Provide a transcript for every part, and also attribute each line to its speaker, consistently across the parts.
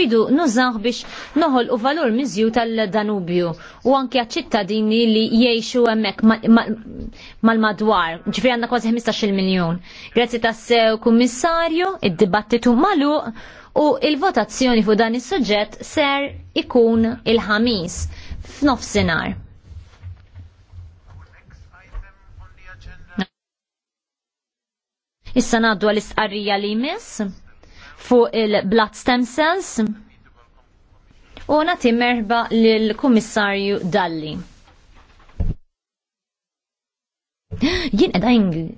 Speaker 1: rridu nużaw biex noħol u valur miżju tal-Danubju u anke ċittadini li jgħixu hemmhekk mal-madwar, ġifri għanna kważi 15 miljon. Grazzi tas-sew kummissarju, id-dibattitu magħluq u il-votazzjoni fuq dan is-suġġett ser ikun il-ħamis f'nofsinhar. Issa ngħaddu għall-istqarrija li jmiss fuq il-blood stem cells. U nagħti merba lill-Kummissarju Dalli. Jien qed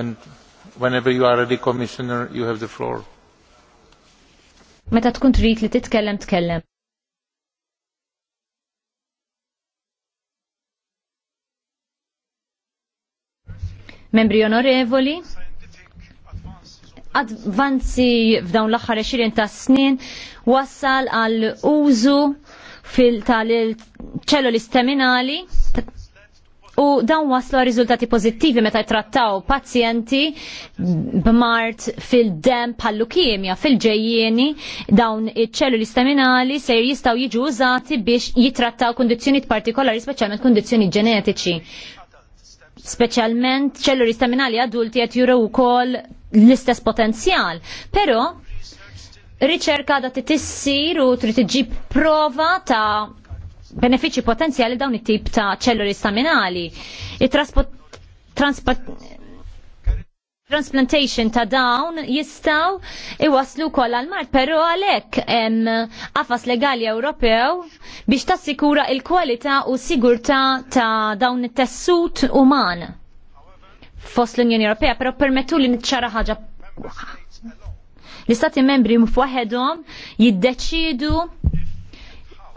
Speaker 2: And whenever you are ready, Commissioner, you have the floor.
Speaker 1: Meta tkun trid li titkellem tkellem. Membri onorevoli, advanzi f'dawn l-aħħar 20 ta' snin wassal għal użu fil tal-ċelluli staminali u dawn waslu għal riżultati pożittivi meta jtrattaw pazjenti b'mart fil-dem pal-lukemja fil-ġejjeni dawn iċ-ċelluli staminali se jistgħu jiġu użati biex jitrattaw kundizzjonijiet partikolari speċjalment kundizzjoni ġenetiċi specialment ċelluri staminali adulti qed juru wkoll l-istess potenzjal. Però riċerka da tissir u trid tiġib prova ta' benefiċi potenzjali dawn it-tip ta' ċelluri staminali. it transplantation ta' dawn jistaw iwaslu kol għal-mart, pero għalek għafas legali Ewropew biex sikura il-kwalità u sigurtà ta' dawn it-tessut uman fost l-Unjoni Ewropea, pero permettu li nitċara ħaġa l-istati membri mfwaħedhom jiddeċidu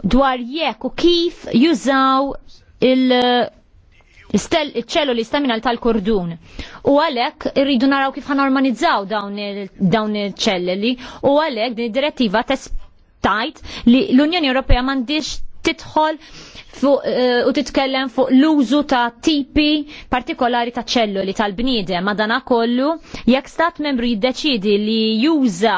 Speaker 1: dwar jekk u kif jużaw il- iċ-ċelluli staminal tal-kordun. U għalek irridu naraw kif normalizzaw dawn il-ċelluli u għalek din direttiva testajt li l-Unjoni Ewropea mandiġ titħol Eh, u titkellem fuq l-użu ta' tipi partikolari ta' ċelluli tal-bniedem madana kollu jekk stat membru jiddeċidi li juża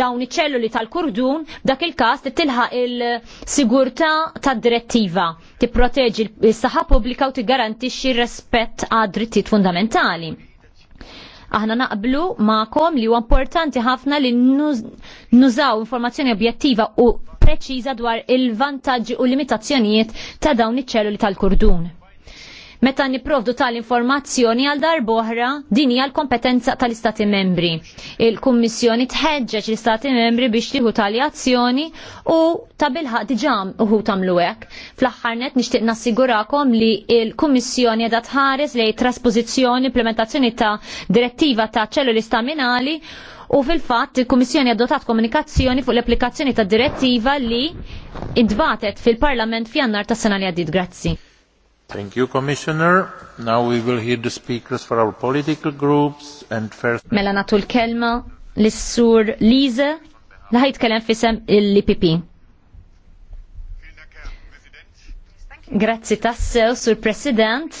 Speaker 1: dawn iċ-ċelluli tal-kurdun dak il-każ titilħaq il-sigurtà tad-direttiva tipproteġi s-saħħa pubblika u tiggarantixxi r-rispett għad drittijiet fundamentali. Aħna naqblu ma'kom li huwa importanti ħafna li nużaw informazzjoni objettiva u preċiża dwar il-vantaġġi u limitazzjonijiet ta' dawn iċ-ċelluli tal-kurdun meta niprovdu tal-informazzjoni għal darboħra din hija l-kompetenza tal-Istati membri. Il-Kummissjoni tħeġġeġ l-Istati membri biex tieħu tal-azzjoni u ta' bilħaq diġam uħu tamlu hekk. Fl-aħħar net nixtieq nassigurakom li il-Kummissjoni qiegħda tħares lejn trasposizzjoni implementazzjoni ta' direttiva ta' ċelluli staminali u fil-fatt il-Kummissjoni adottat komunikazzjoni fuq l-applikazzjoni ta' direttiva li idbatet fil-Parlament f'jannar ta' sena li għaddit.
Speaker 2: Grazzi. Thank you, Commissioner. Now we will hear the speakers for our political groups
Speaker 1: Mela natu l-kelma l-sur Lise li ħajtkellem fisem l-IPP. Grazzi tassew, sur President.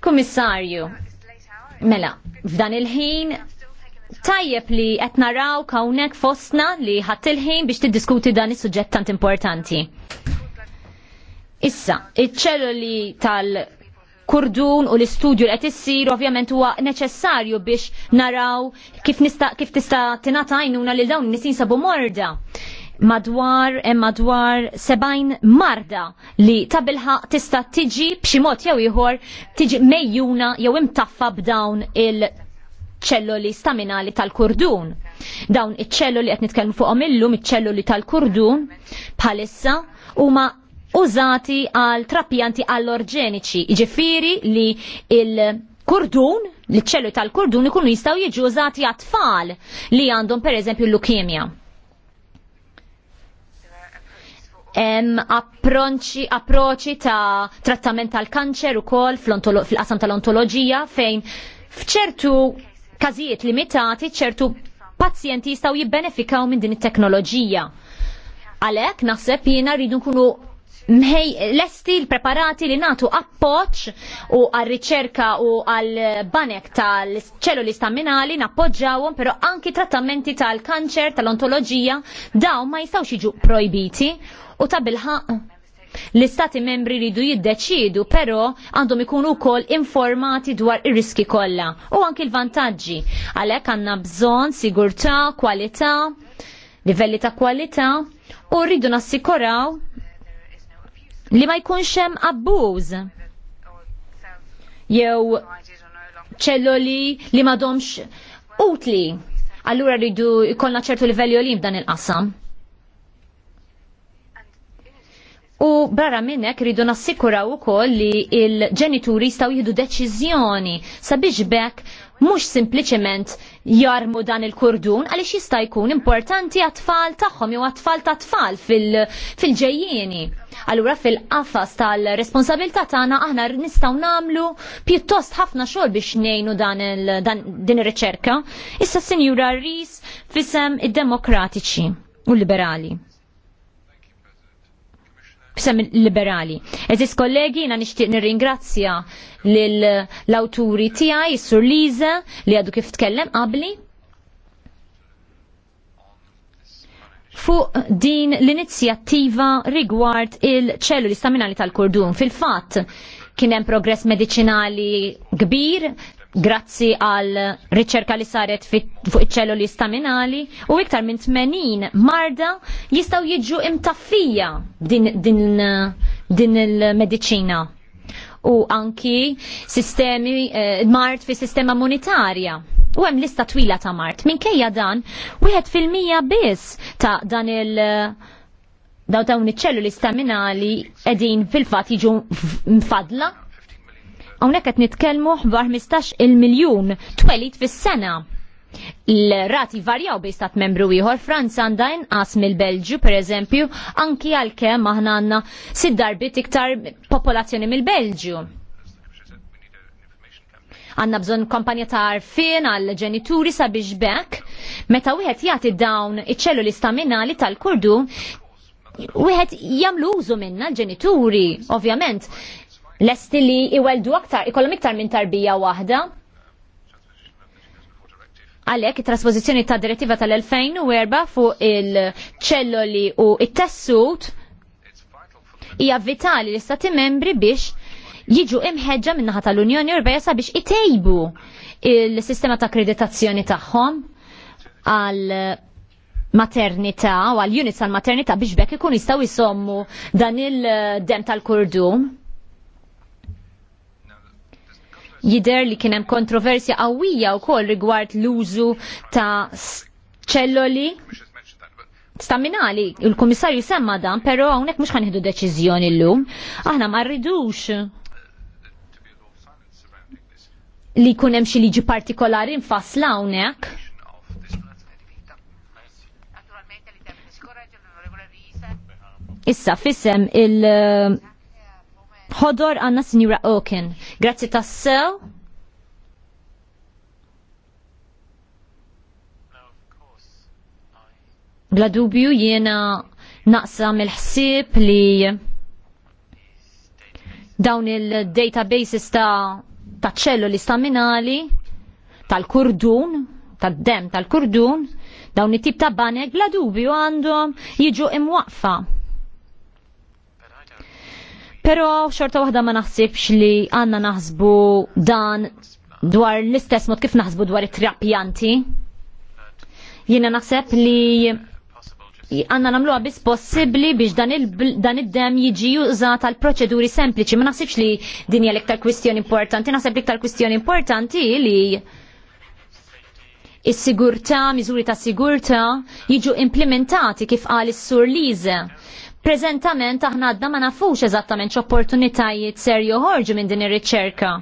Speaker 1: Komissarju, mela, f'dan il-ħin tajjeb li qed naraw hawnhekk fostna li ħadd il-ħin biex tiddiskuti dan is-suġġett tant importanti. Issa, iċ-ċelluli tal- kurdun u l-istudju li qed issir ovvjament huwa neċessarju biex naraw kif nista' kif tista' tingħata għajnuna lil dawn nies jinsabu morda madwar hemm madwar 70 marda li tabilħa tista' tiġi b'xi mod jew ieħor tiġi mejjuna jew imtaffa b'dawn il ċelloli staminali tal-kurdun. Dawn iċ-ċelloli qed nitkellmu fuqhom illum iċ-ċelloli tal-kurdun bħalissa huma użati għal trapjanti allorġeniċi, ġifiri li il- kurdun, li ċellu tal-kurdun ikunu jistaw jiġu użati għat-tfal li għandhom per eżempju l-lukemja. Approċi ta' trattament tal-kanċer u kol fil-qasam tal-ontologija fejn fċertu kazijiet limitati ċertu pazjenti jistaw jibbenefikaw minn din it-teknoloġija. Għalek naħseb jiena rridu nkunu mħej lesti l-preparati li natu appoċ u għal-riċerka u għal-banek tal-ċelluli staminali nappoġġawhom pero anki trattamenti tal-kanċer tal-ontoloġija daw ma jistawx jiġu projbiti u ta' bilħaq l-istati membri ridu jiddeċidu pero għandhom ikunu kol informati dwar ir-riski kollha u anki l-vantaġġi għalhekk għandna bżonn sigurtà, kwalità, livelli ta' kwalità u rridu nassikuraw li ma jkunx hemm abbuż jew ċelloli li m'għadhomx utli. Allura rridu jkollna ċertu livelli olim dan il-qasam. U barra minnek rridu nassikuraw ukoll li il-ġenituri jistgħu jieħdu deċiżjoni sabiex bekk mhux sempliċement jarmu dan il-kurdun għaliex jista' jkun importanti għat-tfal tagħhom jew għat-tfal ta' tfal fil-ġejjieni. fil ġejjini fil Allura fil-qafas tal-responsabilità tagħna aħna nistgħu nagħmlu pjuttost ħafna xogħol biex ngħinu dan, din ir-riċerka. Issa Sinjura Ris fisem id-demokratiċi u liberali b'sem liberali. Eżis kollegi, na nishtiq nirringrazzja l-awturi tijaj, Sur Liza, li għadu kif tkellem qabli. fuq din l-inizjattiva rigward il-ċelluli staminali tal-kordun. Fil-fatt, kien hemm progress medicinali kbir grazzi għal riċerka li saret fuq iċ-ċelluli staminali u iktar minn 80 marda jistaw jiġu imtaffija din, din, din il-medicina u anki sistemi eh, mart fi sistema monetarja U hemm lista twila ta' mart. Minkejja dan, wieħed fil-mija biss ta' dan il- eh, daw dawn iċ-ċelluli staminali qegħdin fil-fatt jiġu mfadla. Hawnhekk qed nitkellmu ħbar 15 il-miljun twelit fis-sena. Il-rati varjaw bej stat membru ieħor Franza għandha inqas mill-Belġju pereżempju anki għalkemm aħna għandna sid darbit iktar popolazzjoni mill-Belġju għandna bżonn kompanja ta' arfin għal ġenituri sabiex bekk. Meta wieħed jagħti dawn iċ-ċelluli staminali tal-kurdu, wieħed jagħmlu użu minna l-ġenituri, ovvjament. Lesti li iweldu aktar, ikollhom iktar minn tarbija waħda, għalek it-trasposizjoni ta' direttiva tal-2004 fuq il-ċelloli u it-tessut hija vitali l istati membri biex jiġu imħeġġa minnaħa tal-Unjoni Ewropea sabiex itejbu il-sistema ta' kreditazzjoni tagħhom għal maternità u għal units tal maternità biex bekk ikun jistgħu jsommu dan il-dem tal-kurdum. Jider li kienem kontroversja qawwija wkoll rigward l-użu ta' ċelloli staminali, il-komissarju semma dan, pero għonek mux ħanħidu deċizjoni l-lum, aħna marridux li jkun hemm xi liġi partikolari nfassla hawnhekk. Issa fissem il- eh, ħodor għanna Sinjura Oken. Grazzi tassew. Bla dubju jiena naqsam il-ħsib li dawn il-databases ta' taċ-ċelluli staminali tal-kurdun, tad-dem tal-kurdun, dawn it-tip ta' banek bla dubju għandhom jiġu imwaqfa. Pero xorta waħda ma naħsibx li għanna naħsbu dan dwar l-istess mod kif naħsbu dwar it-trapjanti. Jiena naħseb li għanna namlu biss possibbli biex dan id-dem jiġi użat tal proċeduri sempliċi. Ma nasibx li din hija l-iktar kwistjoni importanti, naħseb l-iktar kwistjoni importanti li is-sigurtà, miżuri ta' sigurtà jiġu implementati kif qal is-sur Lize. Prezentament aħna għadna ma nafux eżattament x'opportunitajiet ser joħorġu minn din ir-riċerka.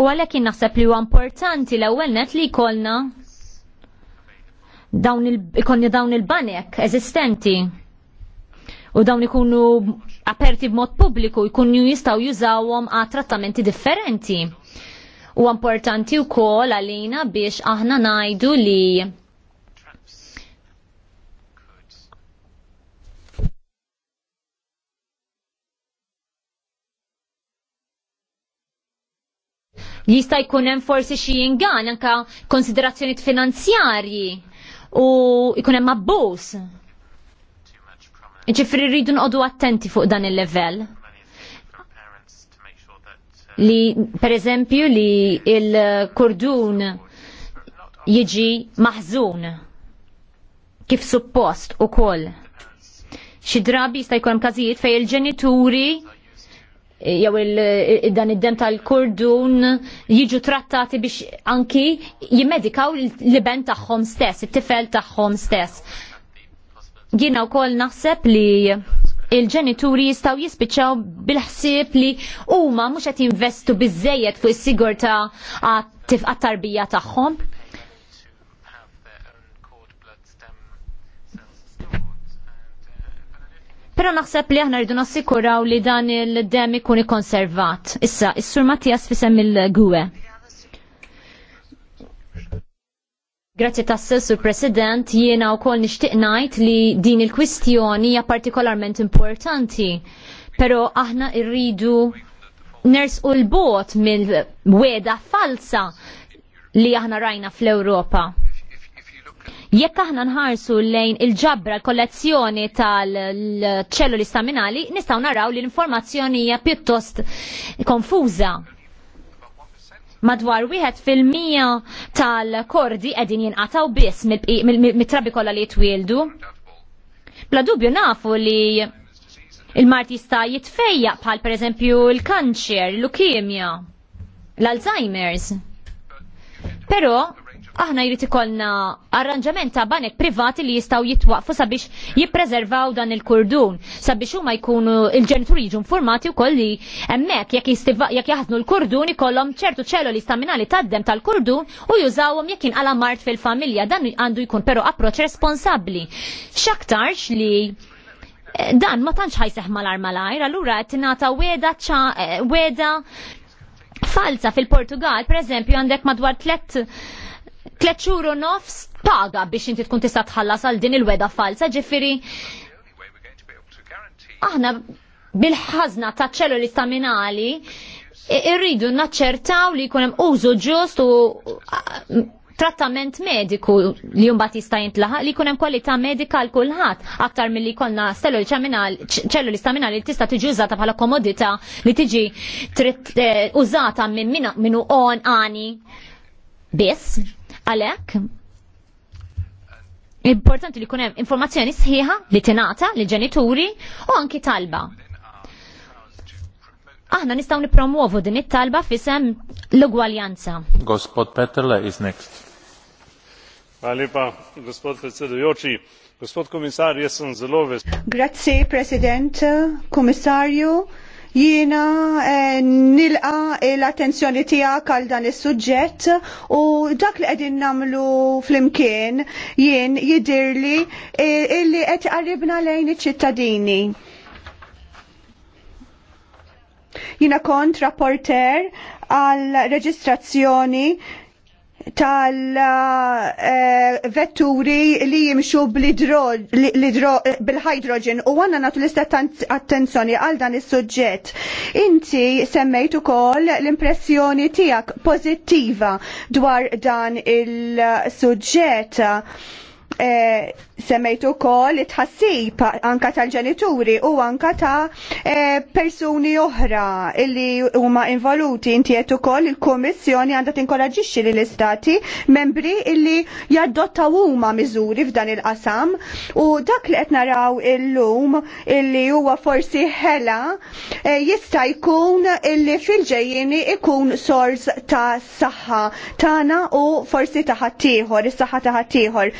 Speaker 1: U għalhekk naħseb li huwa importanti l-ewwel net li jkollna dawn il dawn il-banek eżistenti u dawn ikunu aperti b'mod pubbliku jkunu jistgħu jużawhom għal trattamenti differenti. U importanti wkoll għalina biex aħna ngħidu li jista' jkun hemm forsi xi jingan anka konsiderazzjonijiet finanzjarji u jkun hemm abbuż. Ġifri rridu nqodu attenti fuq dan il-level. Li, per eżempju, li il-kurdun jiġi maħżun kif suppost u koll. Xi drabi jista' jkun każijiet fejn il-ġenituri jew dan id-dem tal-kurdun jiġu trattati biex anki jimmedikaw l-ben tagħhom stess, it-tifel tagħhom stess. Jiena wkoll naħseb li il-ġenituri jistaw jispiċċaw bil-ħsieb li huma mhux qed jinvestu biżejjed fuq is-sigurtà għat-tarbija tagħhom Pero naħseb li aħna rridu nassikuraw li dan il-dem ikun ikkonservat. Issa, is-sur Mattias fisem il-gwe. Grazie tassel sur President, jiena u kol nishtiq najt li din il-kwistjoni hija partikolarment importanti, pero aħna irridu ners u l-bot mill-weda falsa li aħna rajna fl-Europa. Jekk aħna nħarsu lejn il-ġabra l-kollezzjoni tal-ċelluli staminali, nistgħu naraw li l-informazzjoni hija pjuttost konfuża. Madwar wieħed fil-mija tal-kordi qegħdin jinqataw biss mit-trabi kollha li jitwieldu. Bla dubju nafu li il-mart jista' jitfejjaq bħal pereżempju l-kanċer, l ukimja l-Alzheimer's. Però aħna jrid ikollna arranġament ta' banek privati li jistgħu jitwaqfu sabiex jippreservaw dan il-kurdun, sabiex huma jkunu il-ġenituri jiġu informati wkoll li hemmhekk jekk jekk jaħdnu l-kurdun ikollhom ċertu li staminali taddem tal-kurdun u jużawhom jekk inqala mart fil-familja dan għandu jkun però approċċ responsabbli. X'aktarx li eh, dan ma tantx ħajseħ mal arma malajr, allura qed tingħata weda eh, weda falsa fil-Portugal, per eżempju, għandek madwar tlet tleċuru nofs paga biex inti tkun tista' tħallas għal din il-weda falsa, ġifiri. Aħna bil-ħazna ta' ċelluli staminali irridu naċċertaw li jkun hemm użu ġust u uh, trattament mediku li jumbat jista' jintlaħa li jkun hemm kwalità medika għal kulħadd aktar milli jkollna stelluli ċelluli staminali li tista' tiġi użata bħala komodità li tiġi eh, użata minn minnu on ani biss għalek importanti li kunem informazzjoni sħiħa li tinata li ġenituri u anki talba. Aħna nistaw nipromuovu din it-talba fisem l-ugwaljanza.
Speaker 2: Gospod Petrle is next. Għalipa, gospod
Speaker 1: Predsedujoċi, gospod Komissar, jessan
Speaker 2: Zelovis. Grazie, President, Komissarju Jiena eh, nilqa l-attenzjoni tiegħek għal dan is-suġġett u dak li qegħdin nagħmlu flimkien jien jidirli eh, illi qed qaribna lejn iċ-ċittadini. Jiena kont rapporter għal reġistrazzjoni tal-vetturi li jimxu bil-hydrogen u għanna natu l-istat attenzjoni għal dan is suġġett Inti semmejtu kol l-impressjoni tijak pozittiva dwar dan il-sujġet Eh, semmejtu kol tħassib anka tal-ġenituri u anka ta' eh, persuni oħra illi huma involuti intietu kol il-Komissjoni għandha tinkoraġixxi lil istati membri illi jaddotta huma miżuri f'dan il-qasam u dak li qed naraw illum illi huwa forsi ħela eh, jista' jkun illi fil ġejjini ikun sors ta' saħħa tagħna u forsi ta' ħaddieħor, is-saħħa ta' ħaddieħor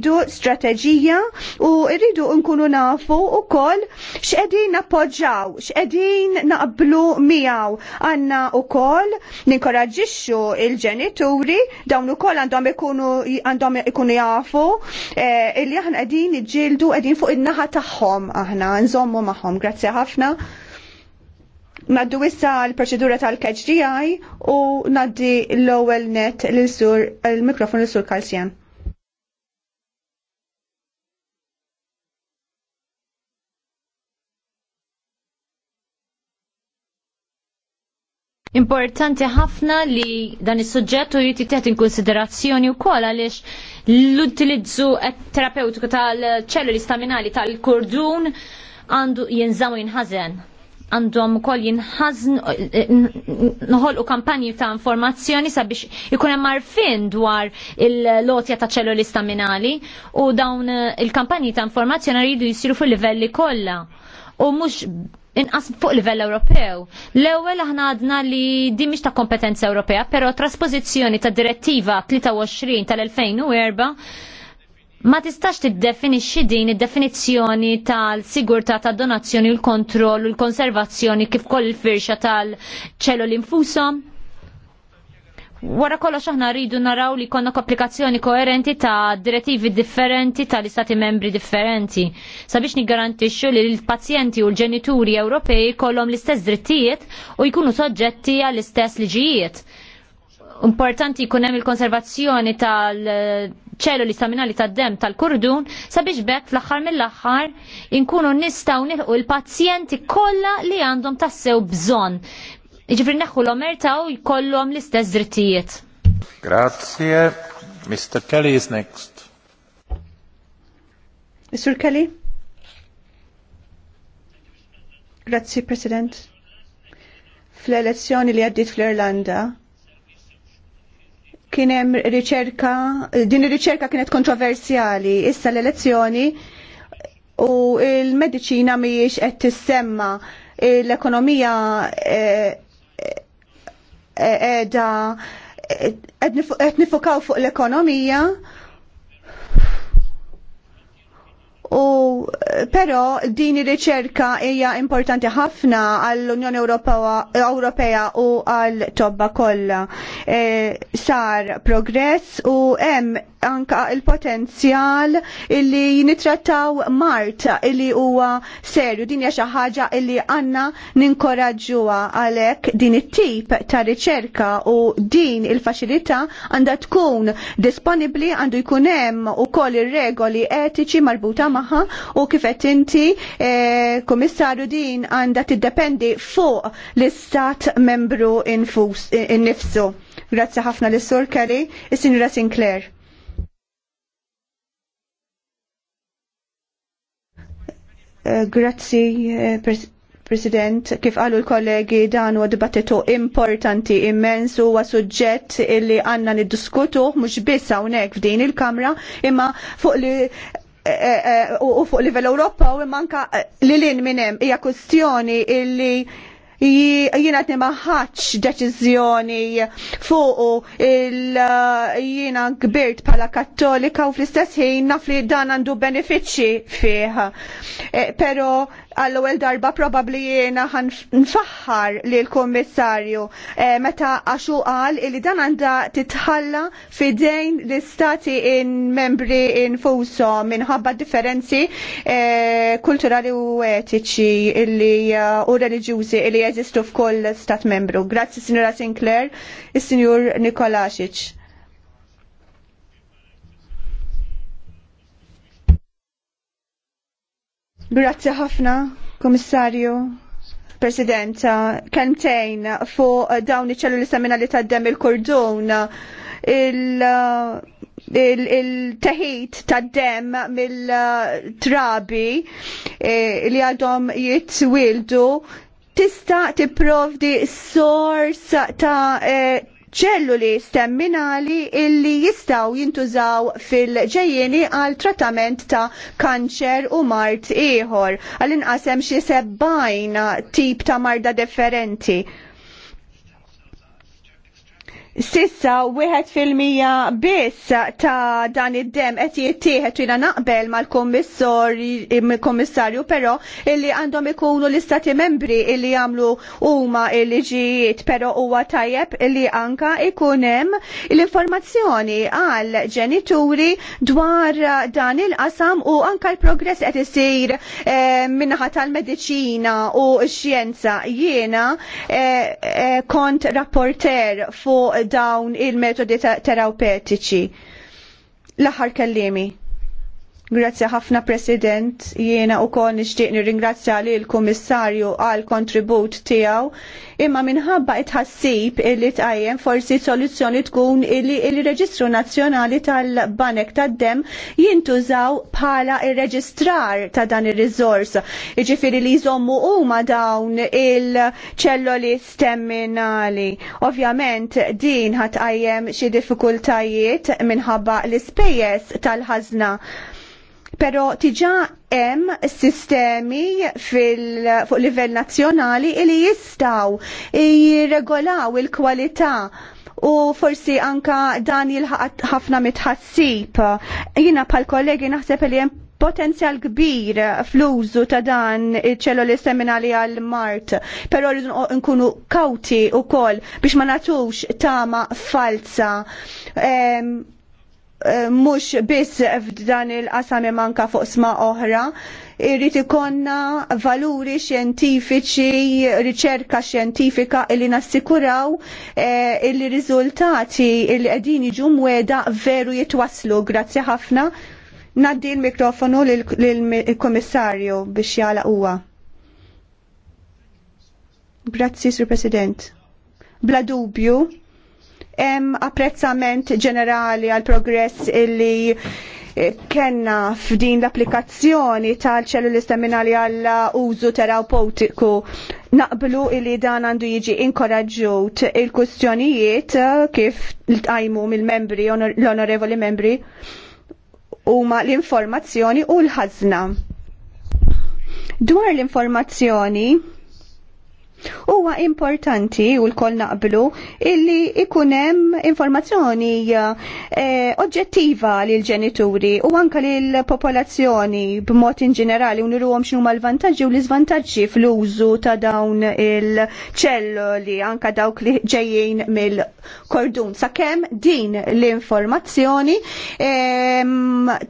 Speaker 2: rridu strateġija u rridu nkunu nafu u koll x'qegħdin appoġġaw, x'qegħdin naqblu miegħu. u wkoll ninkoraġiċu il-ġenituri dawn ukoll għandhom ikunu għandhom ikunu jafu eh, illi aħna qegħdin iġildu qegħdin fuq in-naħa tagħhom aħna nżommu magħhom. Grazzi ħafna. Naddu issa l-proċedura tal-KHDI u naddi l-ewwel net l-sur il-mikrofon l-sur Kalsjan.
Speaker 1: Importanti ħafna li dan is-suġġett u jittiet inkonsiderazzjoni wkoll għaliex l-utilizzu terapeutiku tal-ċelluli staminali tal-kordun għandu jinżaw jinħazen għandhom ukoll jinħazn u kampanji ta' informazzjoni sabiex ikun hemm marfin dwar il-lotja ta' ċelluli staminali u dawn il-kampanji ta' informazzjoni rridu jisiru fil livelli kollha u mhux inqas fuq livell Ewropew. L-ewwel aħna għadna li din mhix ta' kompetenza Ewropea, però trasposizzjoni ta' direttiva 23 tal-2004 Ma tistax tiddefinixxi din id-definizzjoni tal-sigurtà tad-donazzjoni u l-kontroll u l-konservazzjoni kif koll il-firxa tal-ċelloli infushom? Wara kollox aħna rridu naraw li konna komplikazzjoni koerenti ta' direttivi differenti ta' li istati membri differenti. Sabiex nigarantixxu li l-pazjenti u l-ġenituri Ewropej kollhom l-istess drittijiet u jkunu soġġetti għall-istess liġijiet. Importanti jkun hemm il-konservazzjoni tal-ċelluli staminali tad-dem tal-kurdun sabiex bekk fl-aħħar mill-aħħar inkunu nistgħu nilħu l-pazjenti kollha li għandhom tassew bżonn Iġifri neħu l-omerta u jkollhom l-istess drittijiet.
Speaker 2: Grazie. Mr. Kelly is next. Mr. Kelly? Grazie, President. Fl-elezzjoni li għaddit fl-Irlanda, kienem riċerka, din riċerka kienet kontroversjali, issa l-elezzjoni u il-medicina miex qed semma l-ekonomija eh, edha qed nifukaw fuq l-ekonomija U però din ir-riċerka hija importanti ħafna għall-Unjoni Ewropea u għall tobba kollha. E, sar progress u hemm anka il-potenzjal illi nitrattaw mart illi huwa serju din hija xi ħaġa illi għandna ninkoraġġuha għalhekk din it-tip ta' riċerka u din il-faċilità għandha tkun disponibbli għandu jkun hemm ukoll ir-regoli etiċi marbuta magħha u kif qed inti e, kummissarju din għandha tiddependi fuq l-istat membru innifsu. Grazzi ħafna l-Sur Kelly, is-Sinjura Sinclair. Eh, grazzi, eh, President, kif qalu l-kollegi dan huwa dibattitu importanti immens huwa suġġett illi għandna niddiskutu mhux biss hawnhekk f'din il-Kamra imma fuq li eh, u fuq livell Ewropa u manka li lin minn hija kwestjoni illi jiena qed maħħaċ deċiżjoni fuq il jiena kbirt bħala kattolika u fl-istess ħin naf li dan għandu benefiċċji fih. Eh, Pero għall-ewwel darba probabbli jiena nfaħħar li l-Kummissarju eh, meta għaxu qal li dan għandha titħalla fidejn l-istati in membri infushom minħabba differenzi eh, kulturali u etiċi li eh, u reliġjużi li jeżistu f'kull stat membru. Grazzi Sinjura Sinclair, is-Sinjur Nikolaxic. Grazzi ħafna, Komissarju. President, kemtejn fuq dawn iċ-ċelluli staminali taddem il-kordun il teħit il ta' dem mill-trabi eh, li għadhom jitwildu tista tipprovdi sors ta' eh, ċelluli stemminali illi jistaw jintużaw fil-ġejjeni għal trattament ta' kanċer u mart ieħor għal inqasem xie sebbajna tip ta' marda differenti. Sissa wieħed fil-mija biss ta' dan id-dem qed jittieħed jiena naqbel mal-kummissarju però illi għandhom ikunu l-istati membri illi jagħmlu huma l-liġijiet però huwa tajjeb illi anka ikun hemm l-informazzjoni għal ġenituri dwar dan il-qasam u anka l-progress qed isir eh, minnaħa tal-mediċina u x-xjenza jiena eh, eh, kont rapporter fuq dawn il-metodi terapeutiċi. L-aħħar kellimi. Grazzi ħafna President, jiena u kon nishtiq nirringrazzja li l-Komissarju għal kontribut tijaw, imma minħabba itħassib illi tqajjem forsi soluzzjoni tkun illi il-Reġistru Nazzjonali tal-Banek tad-Dem jintużaw bħala il-reġistrar ta' dan ir-riżors. Jiġifieri li jżommu huma dawn il-ċelloli stemminali. Ovvjament din ħatqajjem xi diffikultajiet minħabba l-ispejjeż tal-ħażna Pero tiġa hemm sistemi fil, fuq livell nazzjonali li jistaw jirregolaw il-kwalità u forsi anka dan jilħaq ħafna mitħassib. Jina pal kollegi naħseb li hemm potenzjal kbir fl-użu ta' dan iċ-ċelluli seminali għal-mart, pero rridu nkunu kawti u kol biex ma natux tama falsa. Um, Eh, mux biss f'dan il-qasam manka fuq sma oħra, irrit ikonna valuri xjentifiċi, riċerka xjentifika illi nassikuraw eh, illi riżultati illi qegħdin jiġu mweda veru jitwaslu. Grazzi ħafna. Naddi l-mikrofonu lill-Kummissarju biex jala huwa. Grazzi, Sur President. Bla dubju, hemm apprezzament ġenerali għal progress illi eh, kenna f'din l-applikazzjoni tal-ċelluli staminali għall użu terapeutiku naqblu illi dan għandu jiġi inkoraġġut il-kustjonijiet eh, kif tajmu mill-membri, l-onorevoli membri, huma l-informazzjoni u l-ħazna. Dwar l-informazzjoni, Huwa importanti u l-koll naqblu illi ikunem informazzjoni eh, oġġettiva l ġenituri u anka l popolazzjoni b'mod in ġenerali u nirruhom x'nu l-vantaġġi u l izvantaġġi fl-użu ta' dawn il-ċelloli anka dawk li ġejjin mill-kordun. Sakemm din l-informazzjoni eh,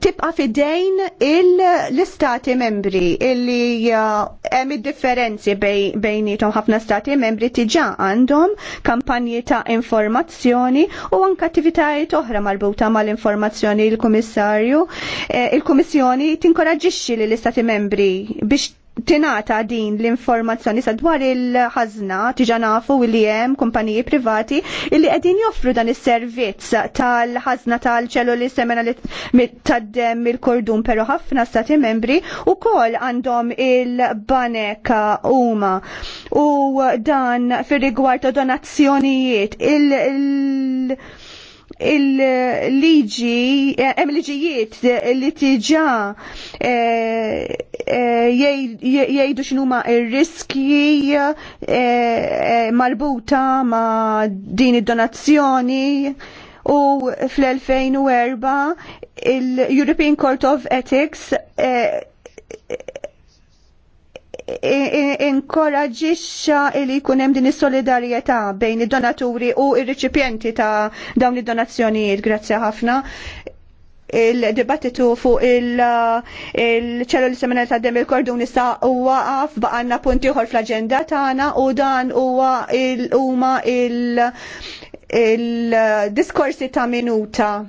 Speaker 2: tibqa' fidejn il istati membri illi eh, hemm id-differenzi bejnietom ħafna stati membri tiġa għandhom kampanji ta' informazzjoni u anke attivitajiet oħra marbuta mal-informazzjoni il-Kummissarju. Eh, Il-Kummissjoni tinkoraġixxi lill istati membri biex tinata din l-informazzjoni sadwar il-ħazna tiġa nafu li hemm kumpaniji privati illi qegħdin joffru dan is-servizz tal-ħazna tal-ċelluli semena li taddem il-kordun però ħafna stati membri ukoll għandhom il-banek huma u dan fir-rigward donazzjonijiet il-, il il-liġi, eh, hemm liġijiet li tiġa eh, eh, jgħidu ma' il riski marbuta ma' din id-donazzjoni u fl-2004 il-European Court of Ethics inkoraġixxa li jkun hemm din is-solidarjetà bejn id-donaturi u r-riċipjenti ta' dawn id-donazzjonijiet. Grazzi ħafna il-dibattitu fuq il-ċellu li semmena ta' dem il-kordun issa u waqaf baqanna punti uħor fl-agenda tagħna u dan huwa il-huma il-diskorsi ta' minuta.